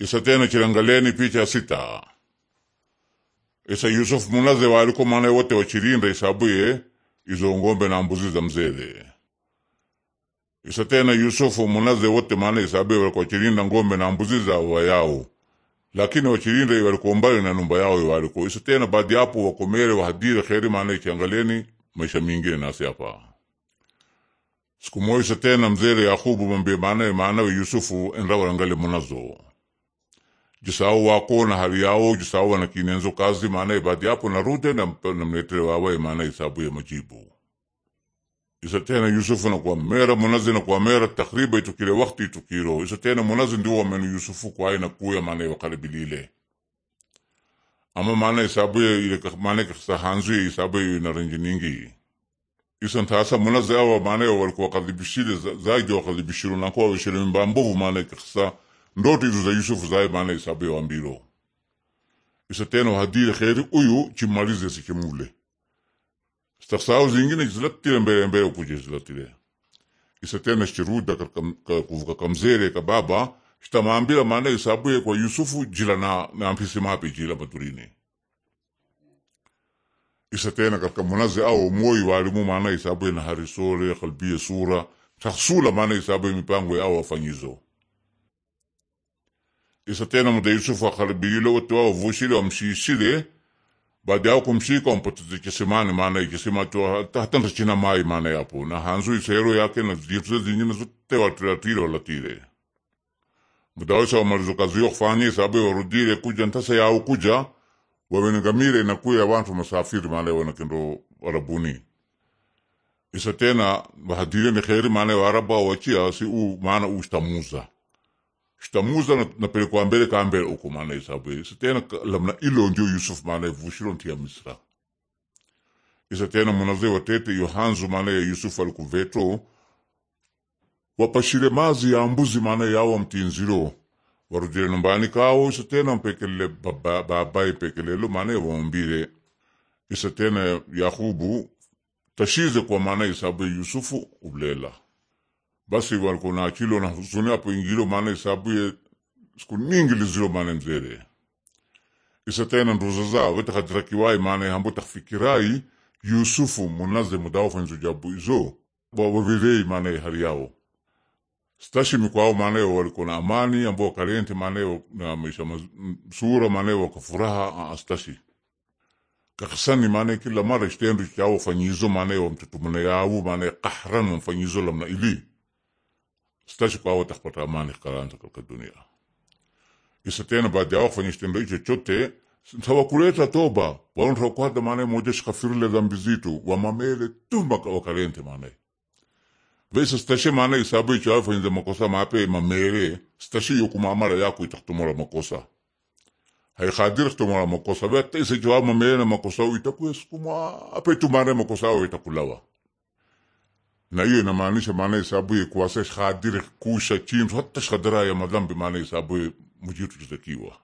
Isa tena chilangaleni picha ya sita. Isa Yusufu munaze waliko manaye wote wachirinda isabuye izo ngombe na mbuzi za mzele. Isa tena Yusufu munaze wote manaye isabuye waliko wachirinda ngombe na mbuzi za wayao. Lakini wachirinda waliko mbali na numba yao waliko. Isa tena baadhi hapo wakomere wahadire kheri manaye chilangaleni maisha mingine nasi hapa. Siku moja Isa tena mzele Yakubu mwambie manaye manawe Yusufu rangale munazo jusao wako na hali yao na kinenzo kazi maana ibadi yapo narude namletere wawaye maana hisabu ya majibu isa tena yusufu na kwa mera munazi na kwa mera takriba itukile wakti itukiro isa tena munazi ndio wamenu yusufu kwa kwai kuya maana ya bilile ama maana hisabu ya maana hanzu ya hisabu ya ina renji ningi isa ntasa munazi awa maana ya walikuwa kadhibishile zaidi na kwa wishiri mbambuhu maana ya kasa ndoto hizo za Yusufu zaye maana isabe wambilo isa tena hadire kheri uyu chimalize sikimule staksawo zingine zilatile mbele mbele ukuje zilatile isa tena shiruda kuvuka kamzere ka baba shitamambila maana isabuye kwa Yusufu jila na nampisi mapi jila maturini isa tena katika munazi au moyo walimu maana isabuye na harisole kalbie sura tahsula maana isabuye mipango au wafanyizo isatena muda Yusufu akharibiyile utiwa uvushile wamshishile baada yao kumshika wampoteza ikisimani maana ikisima hata ntachina mai maana yapo na hanzu isero yake na zituze zinyine zote watilatile walatile muda wamalizo kazi hiyo sababu warudile kuja ntasa yao kuja wawenigamire na kuya wantu masafiri maana wanakendo warabuni isatena bahadile ni kheri maana waraba wachia si u maana ustamuza shitamuza napelekwa mbele ka mbele uko maana isabeli isa lamna ilo ndio yusuf maana vushiro ntia misra isa munaze watete yohanzu maana ya yusuf alikuveto wapashire mazi ya mbuzi maana yawa mtinziro warudire numbani kao isa tena mpekelele babaye pekelelo maana waombire isa yakubu tashize kwa maana isabe yusufu ublela basi walikuwa na akilo na huzuni hapo ingilo maana isabu ye siku ningi lizilo maana mzere isa tena nduza zao wetakatirakiwai maana hambo takfikirai yusufu munaze mudawafenzo jabu izo wawavirei maana hali yao stashimi kwao maana walikuwa na amani ambao wakarente maana na maisha msura maana wakafuraha astashi kakasani maana kila mara ishtendu chao fanyizo maana wamtutumana yao maana kahran wamfanyizo lamna ili sitashikwaawata kupata amani kikaranza katika dunia isa tena baada yao kufanya kitendo hicho chote tawakuleta toba wanutawakwada maanaye moja shikafirule dhambi zitu wamamele tu wakalente maanaye vesa sitashe maanaye isabu hicho afanyiza makosa mape mamele sitashe yokumamara yako itakutumora makosa haikadiri kutumora makosa vata isa hicho mamele na makosa itakuesukuma ape tu maanaye makosa ao itakulawa na hiyo inamaanisha maana isabuye kuwasa shahadiri kusha chimso hata shikadira ya madhambi maana isabuye mujitu tutakiwa